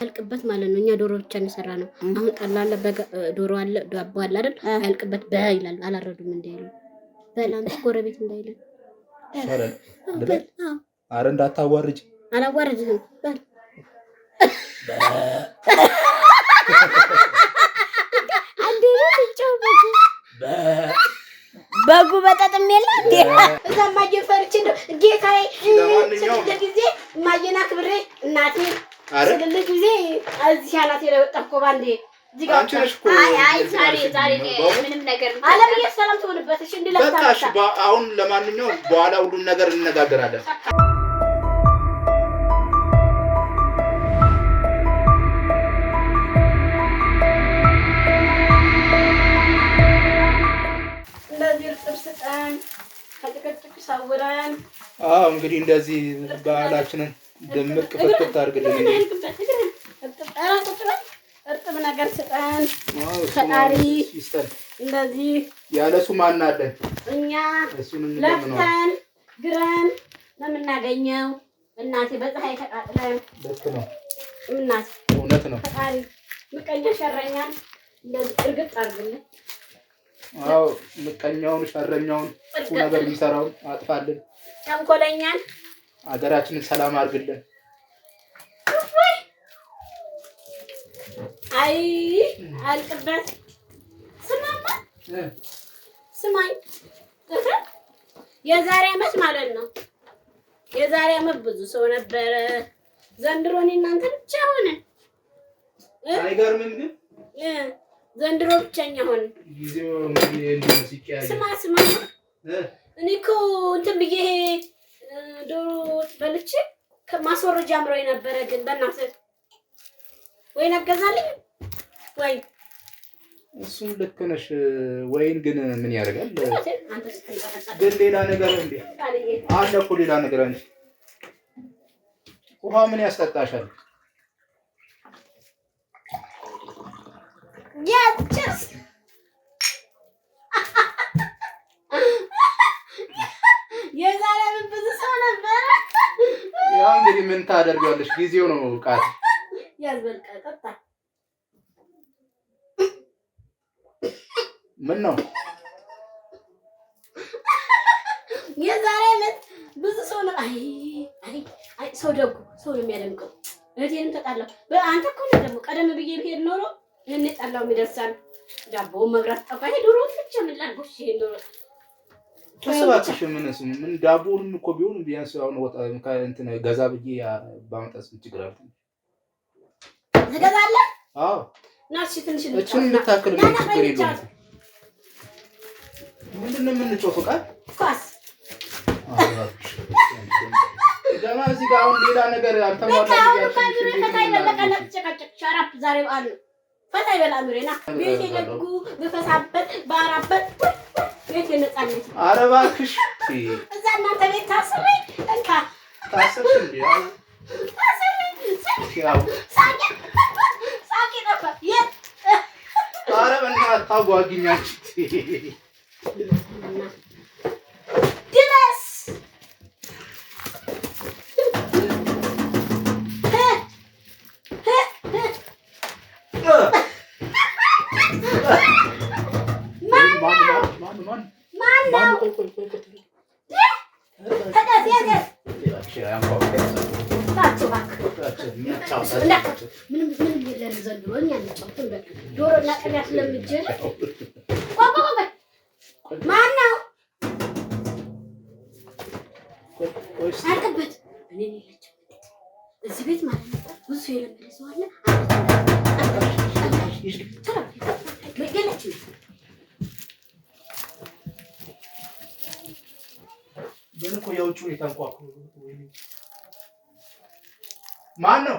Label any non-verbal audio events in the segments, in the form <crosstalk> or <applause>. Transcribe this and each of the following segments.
ያልቅበት ማለት ነው። እኛ ዶሮ ብቻ የሰራ ነው። አሁን ጠላ አለ፣ ዶሮ አለ፣ ዳቦ አለ አይደል? ያልቅበት በ ይላል። አላረዱም እንዳይሉ በላንተ ጎረቤት እንዳይለ አረ እንዳታዋርጅ፣ አላዋርጅም በል በጉ በጠጥም የለ እንዴ? እዛ እማዬን ፈርቼ ነው ጌታዬ። ስግል ጊዜ እማዬን አክብሬ እናቴ ስግል ጊዜ እዚህ አናቴ ላይ እኮ ባንዴ አለምዬ ሰላም ትሆንበት። እሺ እንዲህ አሁን ለማንኛውም በኋላ ሁሉን ነገር እንነጋገራለን። አዎ እንግዲህ እንደዚህ ባህላችንን ድምቅ ፍትፍት አድርግልን። እርጥብ ነገር ስጠን ፈጣሪ እንደዚህ ያለሱ ማናለን እኛ ለፍተን ግረን ለምናገኘው እናቴ በፀሐይ ተቃጥለን ልክ ነው እናቴ እውነት ነው። ፈጣሪ ምቀኛ ሸረኛን እንደዚህ እርግጥ አድርግልን። አዎ ምቀኛውን፣ ሸረኛውን፣ ነገር የሚሰራውን አጥፋልን። ተንኮለኛን ሀገራችንን ሰላም አድርግልን። አይ አልቅበት። ስማማ ስማኝ፣ የዛሬ አመት ማለት ነው። የዛሬ አመት ብዙ ሰው ነበረ። ዘንድሮኔ እናንተ ብቻ ሆነ። አይገርምም ግን ዘንድሮ ብቸኛ ሆነ። ስማ ስማ፣ እኔ እኮ እንትን ብዬ ይሄ ዶሮ በልቼ ማስወረጃ አምሮ የነበረ ግን በእናትህ ወይን አገዛልኝ ወይ ልክ ነሽ። ወይን ግን ምን ያደርጋል? ግን ሌላ ነገር እንደ አለ እኮ ሌላ ነገር ውሃ ምን ያስጠጣሻል? Yes, cheers. የዛሬ ብዙ ሰው ነበረ። ያው እንግዲህ ምን ታደርጊዋለሽ? ጊዜው ነው መውቃት ያዝበልቀጣ ምን ነው የዛሬ ዓመት ብዙ ሰው ነው። አይ አይ ሰው ደጉ ሰው ነው የሚያደንቀው። እህቴንም ተጣላሁ። አንተ እኮ ነው ደግሞ ቀደም ብዬ ብሄድ ኖሮ ይህን ጠላው የሚደርሳል ዳቦ መብራት ጠፋ። ይሄ ዶሮ ብቻ ምን ላድርጎሽ? ይሄ ዶሮ ተሰባክሽ ምን ምን ዳቦውን እኮ ቢሆን ቢያንስ አሁን ወጣ እንትን ገዛ ብዬ ባመጣስ ችግር አለ? ትንሽ ሌላ ነገር አልተሟላ። በቃ ፈታ ይበላሉ። ሌላ ቤት የደጉ ብፈሳበት ባራበት ቤት የነጻነት ኧረ እባክሽ እዛ እናንተ ቤት ታስሬ እንካ ታስሬ ሳቂ ነበር የት በእናትህ አጓጊኛችሁ ጥላ ስለምጅ ማነው አልቅበት እኔ እዚህ ቤት ማለት ነው ብዙ የለመደ ሰው አለ። ግን እኮ የውጭ ሁኔታ ማን ነው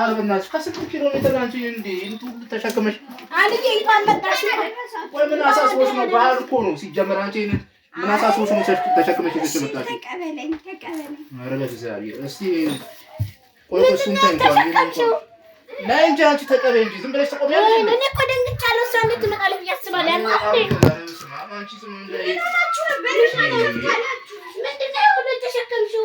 አልብናችሁ ከስድስት ኪሎ ሜትር አንቺ ተሸክመሽ ወይ ምን አሳስቦሽ ነው? ባህል እኮ ነው ሲጀመር። አንቺ ምን አሳስቦሽ ነው ተሸክመሽ የመጣችው? ኧረ በእግዚአብሔር እስኪ ቆይ እሱን ተይው። ነይ እንጂ አንቺ ተቀበይ እንጂ ዝም ብለሽ ተቆሚያለሽ። እኔ እኮ ደንግጫለሁ። እሷ እንዴት ትመጣለች ብዬሽ አስባለሁ። ምንድን ነው ተሸከምሽው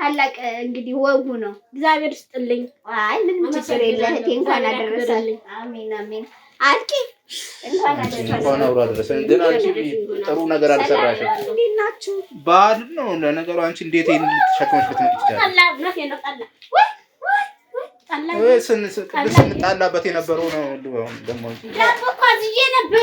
ታላቅ እንግዲህ ወጉ ነው። እግዚአብሔር ስጥልኝ። አይ ምንም ችግር የለም። እህቴ እንኳን አደረሰልኝ። አሜን አሜን። አልኪ እንኳን አብሮ አደረሰን። ግን አንቺ ጥሩ ነገር አልሰራሽም። እንዴት ናችሁ? በዓል ነው ለነገሩ። አንቺ እንዴት ልትሸከመሽ ልትመጪ ትችያለሽ? ስንጣላበት የነበረው ነው ደግሞ ነበረ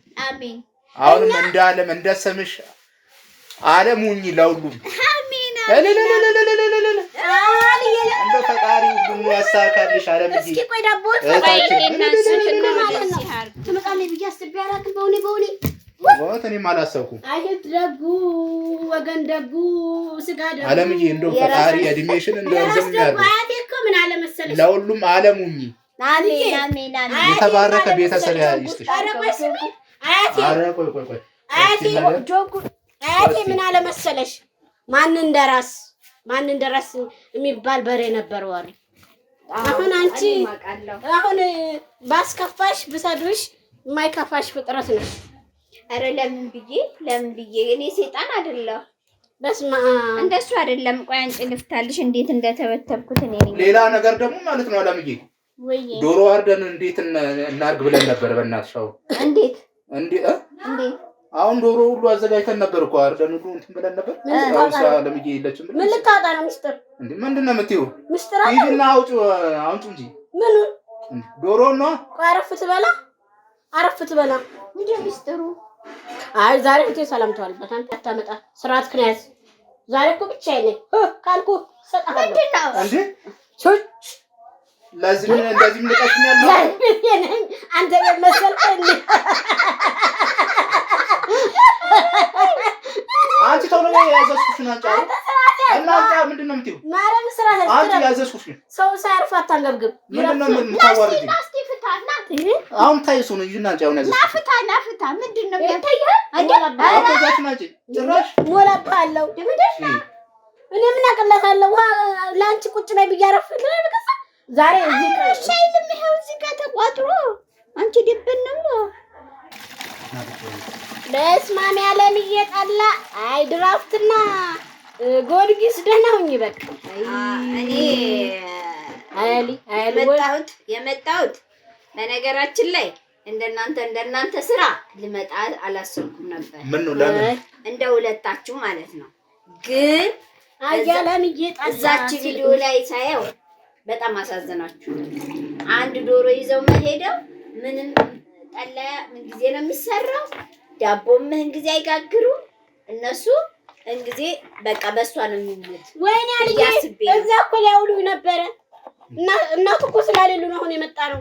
አሜን። አሁንም እንደ ዓለም እንደ ስምሽ ዓለም ሁኚ ለሁሉም እንደ ፈጣሪ ሁሉ ያሳካልሽ። ዓለም ወገን ደጉ ስጋ ደጉ ምን ለሁሉም ዓለም ሁኚ የተባረከ ቤተሰብ ይስጥሽ። አያቴ ምን አለመሰለሽ፣ ማን እንደራስ ማን እንደራስ የሚባል በሬ ነበር ወሬ። አሁን አንቺ አሁን ባስከፋሽ ብሰዱሽ የማይከፋሽ ፍጥረት ነው ኧረ ለምን ብዬ ለምን ብዬ እኔ ሴጣን አይደለሁ። በስማ እንደሱ አይደለም። ቆይ አንቺ ልፍታልሽ እንዴት እንደተበተብኩት እኔ ሌላ ነገር ደግሞ ማለት ነው አለምዬ፣ ዶሮ አርደን እንዴት እናርግ ብለን ነበር። በእናትሽ አሁን እንዴት እንዴ አሁን ዶሮ ሁሉ አዘጋጅተን ነበር እኮ አርደን ሁሉ እንትን ብለን ነበር። አውሳ ለምዬ የለችም ምን ልታወጣ ነው? ምስጢር እንዴ ምንድን ነው የምትይው? ምስጢር አለ ይሄን አውጪ አውጪ እንጂ ምን ዶሮ ነው። አረፍ ትበላ አረፍ ትበላ እንዴ ምስጢሩ። አይ ዛሬ ሰላም ሰላምተዋልበት አንተ አታመጣ ስርዓት ክንያዝ ዛሬ እኮ ብቻዬን ነኝ ካልኩ ሰጣ እንዴ ሶች ለዚህ እንደዚህ አንተ መሰልከኝ። አንቺ ተው ነው ያዘዝኩሽን። ምንድን ነው የምትይው? አንቺ ያዘዝኩሽን ሰው ሳያርፍ አታንገብግብ። አሁን ታይሱ ነው ይጅና አንቺ አሁን ያዘዝኩሽን ናፍታ ናፍታ ምንድን ነው ጭራሽ ሞላብሃለሁ። እኔ ምን አቅለታለሁ? ለአንቺ ቁጭ ላይ ብያረፍልህ ዛሬ እዚህ ጋር ተቋጥሮ አንቺ ድብን በስማሚ ያለን እየጠላ አይ ድራፍትና ጎርጊስ ደህና ሁኝ። በቃ እኔ የመጣሁት በነገራችን ላይ እንደናንተ እንደናንተ ስራ ልመጣ አላሰብኩም ነበር። ምን ለምን እንደ ሁለታችሁ ማለት ነው። ግን አያለም እየጠላ እዛች ቪዲዮ ላይ ሳየው በጣም አሳዘናችሁ። አንድ ዶሮ ይዘው መሄደው ምንም ጠላ ምን ጊዜ ነው የሚሰራው? ዳቦ ምን ጊዜ አይጋግሩ እነሱ እንጊዜ በቃ በእሷ ነው የሚሉት። ወይኔ አልዬ እዛ እኮ ሊያውሉ ነበረ። እናቱ እኮ ስላሌሉ ነው አሁን የመጣ ነው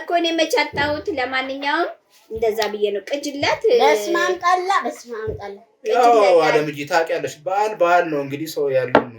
እኮ እኔ መቻጣሁት። ለማንኛውም እንደዛ ብዬ ነው ቅጅለት። በስመ አብ ጠላ፣ በስመ አብ ጠላ። አዎ አለምዬ ታውቂያለሽ፣ በዓል በዓል ነው እንግዲህ ሰው ያለው ነው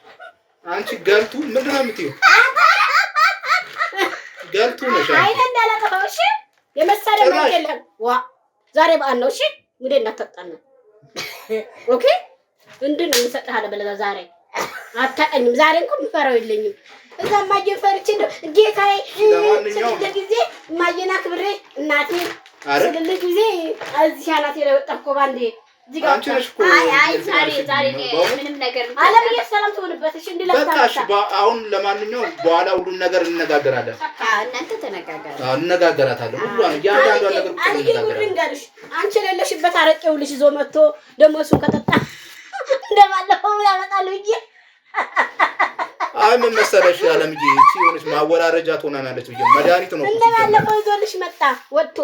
አንቺ ገልቱ ምንድን ነው የምትይው? ገልቱ ነሽ። አይኔ እንዳላጠፋው እሺ። የመሰለ ነው የለም። ዋ ዛሬ በዓል ነው። እሺ እንዴ እናታጣን ኦኬ ምንድን ነው የምሰጥህ አለ በለዛ። ዛሬ አታቀኝም። ዛሬ እንኳን የምፈራው የለኝም። እዛ ማየ ፈርቼ ነው ጌታዬ። ስለ ጊዜ ማየና ክብሬ እናቴ ስለ ጊዜ እዚህ አናቴ ላይ ባንዴ አሁን ለማንኛውም በኋላ ሁሉን ነገር እንነጋገራለን። እናንተ ተነጋገሩ። እነጋገራታለሁ። አንቺ የሌለሽበት አረቄው ልጅ ይዞ መጥቶ ደግሞ እሱን ከጠጣ <laughs> እንደባለፈው ያመጣል ብዬ አይ ምን መሰለሽ አለምዬ፣ የሆነች ማወራረጃ ትሆናናለች ብዬ መድኃኒት ነው እንደባለፈው ይዞልሽ መጣ ወጥቶ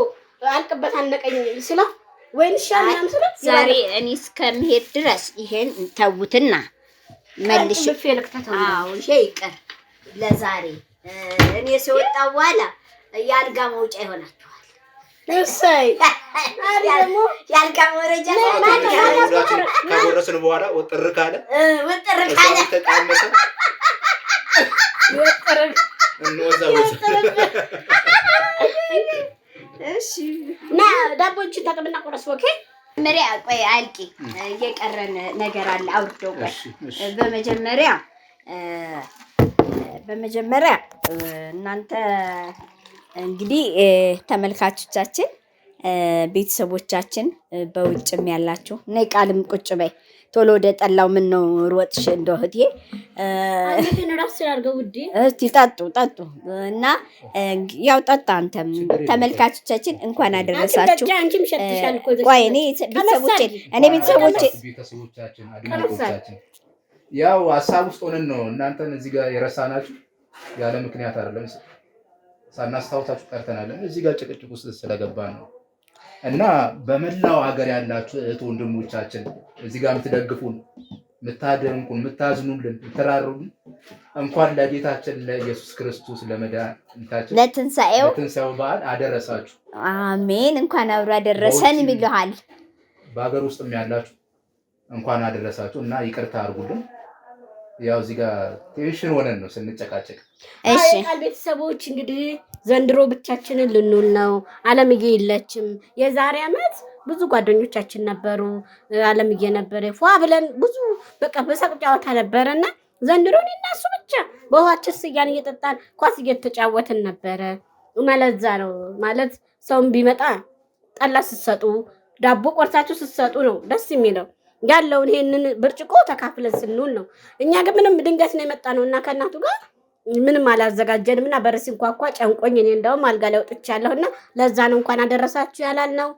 አልቅበት አነቀኝ ስለው ዛሬ እኔ እስከምሄድ ድረስ ይሄን ተውትና መልሽ። አዎ ይቅር ለዛሬ እኔ ሲወጣ በኋላ የአልጋ መውጫ ይሆናችኋል። እሰይ የአልጋ መውረጃ ከጎረስን በኋላ ወጥር ካለ ወጥር ካለ ወጥር ወጥር እሺ ና ዳቦችን ታቅምና ቆረስ። ኦኬ መጀመሪያ ቆይ አልቂ እየቀረን ነገር አለ አውርደው። በመጀመሪያ በመጀመሪያ እናንተ እንግዲህ ተመልካቾቻችን ቤተሰቦቻችን በውጭም ያላችሁ ነይ ቃልም ቁጭ በይ ቶሎ ወደ ጠላው ምን ነው ሮጥሽ? እንደ እህቴ እስቲ ጠጡ ጠጡ እና ያው ጠጣ። አንተም ተመልካቾቻችን እንኳን አደረሳችሁ። ቆይ እኔ ቤተሰቦቼ እኔ ቤተሰቦቼ ያው ሀሳብ ውስጥ ሆነን ነው እናንተን እዚህ ጋር የረሳናችሁ ያለ ምክንያት አይደለም። ሳናስታውሳችሁ ቀርተናል። እዚህ ጋር ጭቅጭቅ ውስጥ ስለገባ ነው። እና በመላው ሀገር ያላችሁ እህት ወንድሞቻችን እዚህ ጋር የምትደግፉን፣ የምታደንቁን፣ የምታዝኑልን፣ የምትራሩልን እንኳን ለጌታችን ለኢየሱስ ክርስቶስ ለመድኃኒታችን ለትንሣኤው በዓል አደረሳችሁ። አሜን። እንኳን አብሮ አደረሰን ይልሃል። በሀገር ውስጥም ያላችሁ እንኳን አደረሳችሁ እና ይቅርታ አድርጉልን። ያው እዚህ ጋር ቴንሽን ሆነን ነው ስንጨቃጨቅ። ቤተሰቦች እንግዲህ ዘንድሮ ብቻችንን ልንውል ነው። አለምዬ የለችም። የዛሬ ዓመት ብዙ ጓደኞቻችን ነበሩ። አለምዬ ነበረ። ፏ ብለን ብዙ በቃ በሳቅ ጨዋታ እና ዘንድሮ እኔና እሱ ብቻ በውሃችን ስያን እየጠጣን ኳስ እየተጫወትን ነበረ። መለዛ ነው ማለት ሰውም ቢመጣ ጠላ ስትሰጡ፣ ዳቦ ቆርሳችሁ ስትሰጡ ነው ደስ የሚለው ያለውን ይሄንን ብርጭቆ ተካፍለን ስንውል ነው። እኛ ግን ምንም ድንገት ነው የመጣ ነው እና ከእናቱ ጋር ምንም አላዘጋጀንም እና በር ሲንኳኳ ጨንቆኝ እኔ እንደውም አልጋ ላይ ወጥቻለሁ እና ለዛን እንኳን አደረሳችሁ ያላል ነው።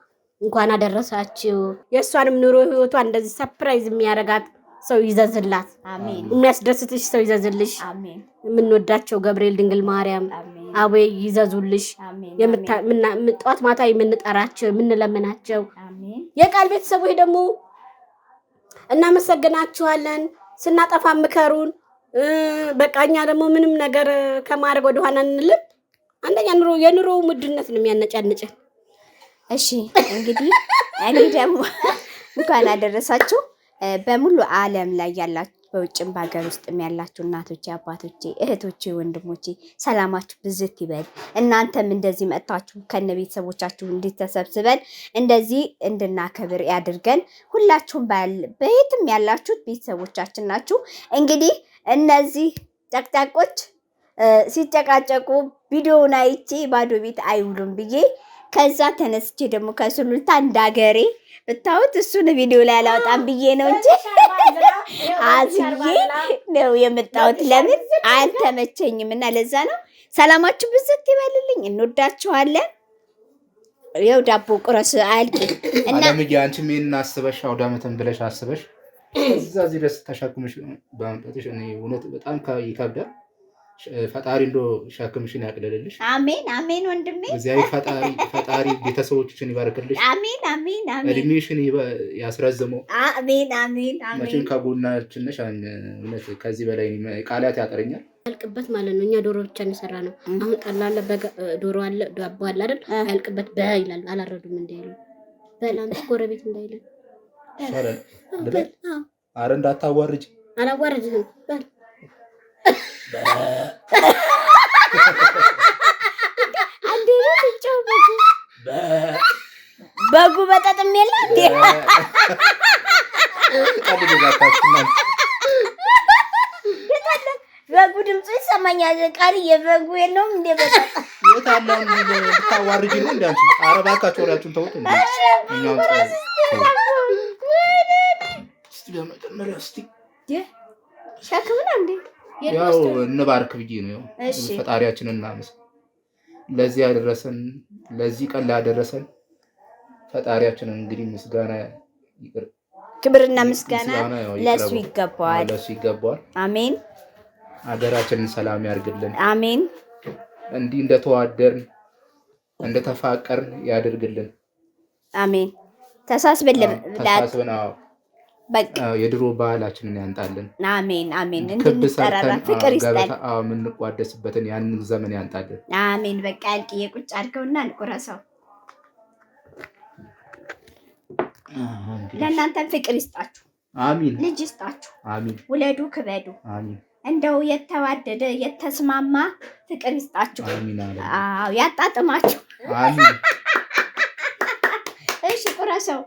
እንኳን አደረሳችሁ። የእሷንም ኑሮ ህይወቷ እንደዚህ ሰፕራይዝ የሚያደርጋት ሰው ይዘዝላት፣ የሚያስደስትሽ ሰው ይዘዝልሽ። የምንወዳቸው ገብርኤል፣ ድንግል ማርያም፣ አቡዬ ይዘዙልሽ። ጠዋት ማታ የምንጠራቸው የምንለምናቸው የቃል ቤተሰቦች ደግሞ እናመሰግናችኋለን። ስናጠፋ ምከሩን። በቃ እኛ ደግሞ ምንም ነገር ከማድረግ ወደኋላ እንልም። አንደኛ ኑሮ የኑሮ ውድነት ነው የሚያነጫንጭን። እሺ እንግዲህ እኔ ደግሞ <laughs> እንኳን አደረሳችሁ በሙሉ ዓለም ላይ ያላችሁ በውጭም በሀገር ውስጥም ያላችሁ እናቶቼ፣ አባቶቼ፣ እህቶቼ፣ ወንድሞቼ ሰላማችሁ ብዝት ይበል። እናንተም እንደዚህ መጥታችሁ ከነ ቤተሰቦቻችሁ እንድተሰብስበን እንደዚህ እንድናከብር ያድርገን። ሁላችሁም በየትም ያላችሁት ቤተሰቦቻችን ናችሁ እንግዲህ እነዚህ ጨቅጫቆች ሲጨቃጨቁ ቪዲዮውን አይቼ ባዶ ቤት አይውሉም ብዬ ከዛ ተነስቼ ደግሞ ከሱሉልታ እንዳገሬ ብታዩት እሱን ቪዲዮ ላይ አላወጣም ብዬ ነው እንጂ አዝዬ ነው የመጣሁት። ለምን አልተመቸኝም እና ለዛ ነው። ሰላማችሁ ብዝት ይበልልኝ። እንወዳችኋለን። ያው ዳቦ ቁረስ አያልቅም እና አንቺ ምን አስበሽ አውዳመትን ብለሽ አስበሽ እዛ እዚህ ድረስ ተሻክመሽ በማምጣትሽ እኔ እውነት በጣም ይከብዳል። ፈጣሪ እንዶ ሻክምሽን ያቅልልልሽ። አሜን አሜን። ወንድሜ እዚያዊ ፈጣሪ <laughs> ፈጣሪ ቤተሰቦችሽን ይባርክልሽ። አሜን አሜን አሜን። እድሜሽን ያስረዝመው። አሜን አሜን አሜን። መቼም ከጎናችን ነሽ። እውነት ከዚህ በላይ ቃላት ያጠረኛል ያልቅበት ማለት ነው። እኛ ዶሮ ብቻ እንሰራ ነው። አሁን ጠላ አለ፣ ዶሮ አለ፣ ዳቦ አለ አይደል? ያልቅበት በ ይላል። አላረዱም እንዳይሉ በላንተ ጎረቤት እንዳይለን ይሻላል። አረ እንዳታዋርጅ፣ አላዋርጅም። በጉ በጠጥም የለ በጉ ድምፁ ይሰማኛል። ቃል የበጉ የለውም እንዴ በጣም ታዋርጅ ነው እንዴ አንቺ። ኧረ ተውት። በመጀመሪያ እስቲ ሸክምና እንዴ ያው እንባርክ ብዬ ነው። ለዚህ ያደረሰን ለዚህ ቀን ላደረሰን እንግዲህ ምስጋና ይቅር ክብርና ምስጋና ለሱ ይገባዋል፣ ለሱ ይገባዋል። አሜን። ሀገራችንን ሰላም ያድርግልን። አሜን። እንዲህ እንደተዋደርን እንደተፋቀርን ያድርግልን። አሜን። ተሳስበን ተሳስበን የድሮ ባህላችንን ያንጣልን። አሜን አሜን። እንድንጠራራ ፍቅር ይስጠን። የምንቋደስበትን ያን ዘመን ያንጣልን። አሜን። በቃ ያልቅዬ ቁጭ አድርገውና ንቁረሰው። ለእናንተም ፍቅር ይስጣችሁ። አሚን። ልጅ ይስጣችሁ። አሚን። ውለዱ፣ ክበዱ። አሚን። እንደው የተዋደደ የተስማማ ፍቅር ይስጣችሁ። አሚን። ያጣጥማችሁ። አሚን። እሺ ቁረሰው።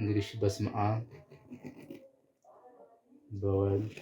እንግዲህ በስመ አብ በወልድ